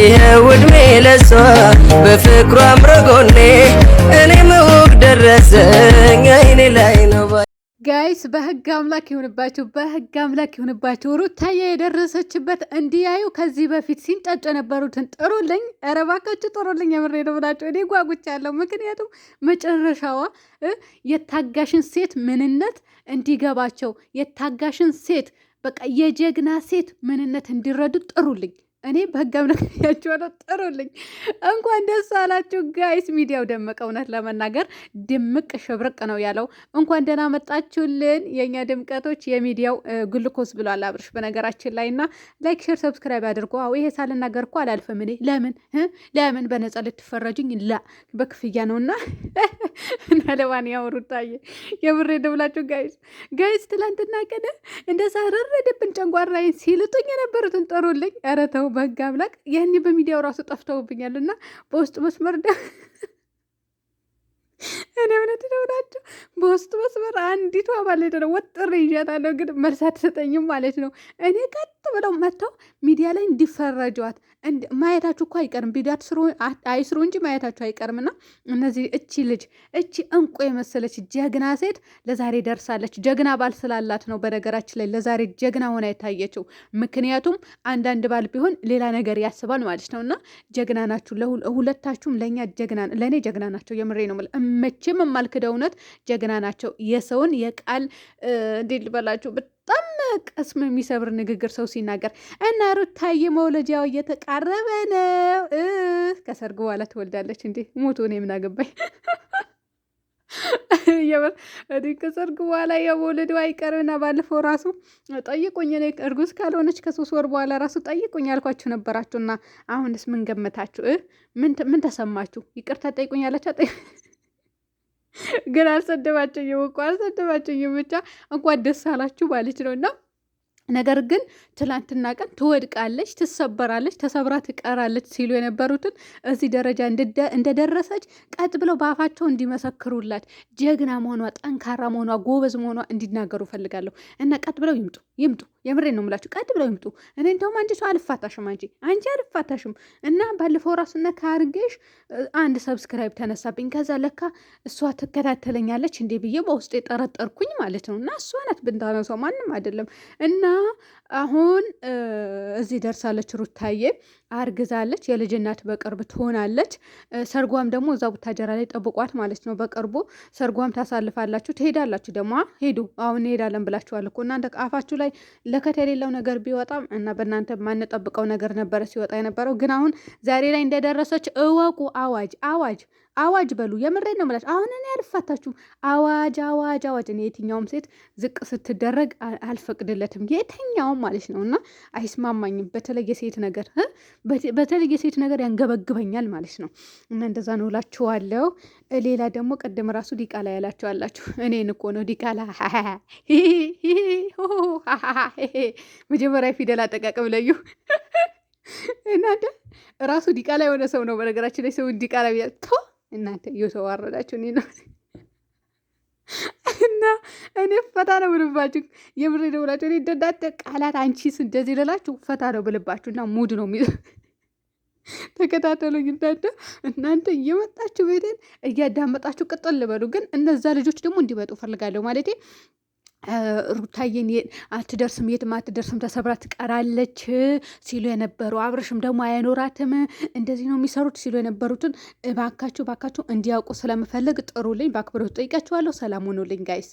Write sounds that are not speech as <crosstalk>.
ይኸው ዕድሜ ለሷ በፍቅሯ አምረጎኔ እኔም ውብ ደረሰኝ አይኔ ላይ ነው። ጋይስ በህግ አምላክ ይሁንባችሁ፣ በህግ አምላክ ይሁንባችሁ። ሩታዬ የደረሰችበት እንዲያዩ ከዚህ በፊት ሲንጫጩ የነበሩትን ጥሩልኝ፣ ኧረ እባካችሁ ጥሩልኝ። የምሬ ነው ብላችሁ እኔ ጓጉቻለሁ። ምክንያቱም መጨረሻዋ የታጋሽን ሴት ምንነት እንዲገባቸው የታጋሽን ሴት በቃ የጀግና ሴት ምንነት እንዲረዱ ጥሩልኝ። እኔ በህግ አምላክያቸዋለሁ። ጥሩልኝ፣ እንኳን ደስ አላችሁ ጋይስ። ሚዲያው ደመቀ፣ እውነት ለመናገር ድምቅ ሽብርቅ ነው ያለው። እንኳን ደህና መጣችሁልን የእኛ ድምቀቶች፣ የሚዲያው ግልኮስ ብሏል አብርሽ በነገራችን ላይ እና ላይክ፣ ሼር፣ ሰብስክራይብ አድርጎ አዎ፣ ይሄ ሳልናገር እኮ አላልፍም እኔ። ለምን ለምን በነጻ ልትፈረጁኝ? ላ በክፍያ ነው እና <laughs> ናለማን ያወሩታየ የብሬ ደብላችሁ ጋይስ፣ ጋይስ ትላንትና ቀን እንደ ሳረረድብን ጨንጓራይን ሲልጡኝ የነበሩትን ጥሩልኝ። ረተው በህግ አምላክ ያኔ በሚዲያው ራሱ ጠፍተውብኛል እና በውስጥ መስመር እኔ እውነት ነው ናቸው በውስጥ መስመር አንዲቷ ማለት ነው ወጥር ይዣታለሁ፣ ግን መልስ አትሰጠኝም ማለት ነው። እኔ ቀጥ ብለው መጥተው ሚዲያ ላይ እንዲፈረጇት ማየታችሁ እኮ አይቀርም። ቪዲዮ አይስሩ እንጂ ማየታችሁ አይቀርምና እነዚህ እቺ ልጅ እቺ እንቁ የመሰለች ጀግና ሴት ለዛሬ ደርሳለች። ጀግና ባል ስላላት ነው በነገራችን ላይ ለዛሬ ጀግና ሆና የታየችው። ምክንያቱም አንዳንድ ባል ቢሆን ሌላ ነገር ያስባል ማለት ነው። እና ጀግና ናችሁ ሁለታችሁም፣ ለእኛ ጀግና ለእኔ ጀግና ናቸው። የምሬ ነው የምልህ እመች መቼም የማልክደው እውነት ጀግና ናቸው። የሰውን የቃል እንዴት ልበላችሁ በጣም ቅስም የሚሰብር ንግግር ሰው ሲናገር እና ሩታዬ መውለጃው እየተቃረበ ነው። ከሰርግ በኋላ ትወልዳለች እንዴ? ሞቱ እኔ ምን አገባኝ? ከሰርግ በኋላ የመውለድ አይቀርና ባለፈው ራሱ ጠይቁኝ። እኔ እርጉዝ ካልሆነች ከሶስት ወር በኋላ ራሱ ጠይቁኝ ያልኳችሁ ነበራችሁና አሁንስ ምን ገመታችሁ? ምን ተሰማችሁ? ይቅርታ ጠይቁኝ አላችሁ። ግን አልሰደባቸኝም እኮ አልሰደባቸኝም። ብቻ እንኳን ደስ አላችሁ ማለት ነው እና ነገር ግን ትላንትና ቀን ትወድቃለች፣ ትሰበራለች፣ ተሰብራ ትቀራለች ሲሉ የነበሩትን እዚህ ደረጃ እንደደረሰች ቀጥ ብለው በአፋቸው እንዲመሰክሩላት ጀግና መሆኗ፣ ጠንካራ መሆኗ፣ ጎበዝ መሆኗ እንዲናገሩ ፈልጋለሁ እና ቀጥ ብለው ይምጡ። ይምጡ። የምሬን ነው የምላችሁ፣ ቀጥ ብለው ይምጡ። እኔ እንደውም አንቺ ሰው አልፋታሽም፣ አንቺ አንቺ አልፋታሽም። እና ባለፈው ራሱ ነካ አንድ ሰብስክራይብ ተነሳብኝ። ከዛ ለካ እሷ ትከታተለኛለች እንዴ ብዬ በውስጥ የጠረጠርኩኝ ማለት ነው። እና እሷ ናት ብንታነሳው ማንም አይደለም። እና አሁን እዚህ ደርሳለች፣ ሩታዬ አርግዛለች፣ የልጅ እናት በቅርብ ትሆናለች። ሰርጓም ደግሞ እዛ ቡታጀራ ላይ ጠብቋት ማለት ነው። በቅርቡ ሰርጓም ታሳልፋላችሁ፣ ትሄዳላችሁ። ደግሞ ሄዱ አሁን እንሄዳለን ብላችኋል እኮ እናንተ አፋችሁ ላይ ለከት የሌለው ነገር ቢወጣም እና በእናንተ ማንጠብቀው ነገር ነበረ ሲወጣ የነበረው። ግን አሁን ዛሬ ላይ እንደደረሰች እወቁ። አዋጅ አዋጅ አዋጅ በሉ። የምሬን ነው የምላችሁ። አሁን እኔ አልፋታችሁም። አዋጅ አዋጅ አዋጅ። እኔ የትኛውም ሴት ዝቅ ስትደረግ አልፈቅድለትም፣ የትኛውም ማለት ነው። እና አይስማማኝም። በተለይ የሴት ነገር በተለይ የሴት ነገር ያንገበግበኛል ማለት ነው። እና እንደዛ ነው እላችኋለሁ። ሌላ ደግሞ ቅድም ራሱ ዲቃላ ያላችሁ አላችሁ። እኔን እኮ ነው ዲቃላ። <laughs> መጀመሪያ ፊደል አጠቃቀም ለዩ <laughs> እናንተ ራሱ ዲቃላ የሆነ ሰው ነው። በነገራችን ላይ ሰው ዲቃላ ቢያ እናንተ እየተዋረዳችሁ እኔ ነው እና እኔ ፈታ ነው ብልባችሁ፣ የምሬ ደውላችሁ እኔ እንደዳተ ቃላት አንቺስ እንደዚህ ልላችሁ ፈታ ነው ብልባችሁ እና ሙድ ነው የሚይዘው። <laughs> ተከታተሉኝ እናንተ እናንተ እየመጣችሁ ቤቴን እያዳመጣችሁ ቅጥል ልበሉ። ግን እነዛ ልጆች ደግሞ እንዲመጡ ፈልጋለሁ ማለቴ ሩታዬን አትደርስም፣ የትም አትደርስም፣ ተሰብራ ትቀራለች ሲሉ የነበሩ አብረሽም ደግሞ አይኖራትም እንደዚህ ነው የሚሰሩት ሲሉ የነበሩትን እባካችሁ እባካችሁ እንዲያውቁ ስለምፈልግ ጥሩልኝ፣ በአክብሮት ጠይቃችኋለሁ። ሰላም ሆኖልኝ ጋይስ።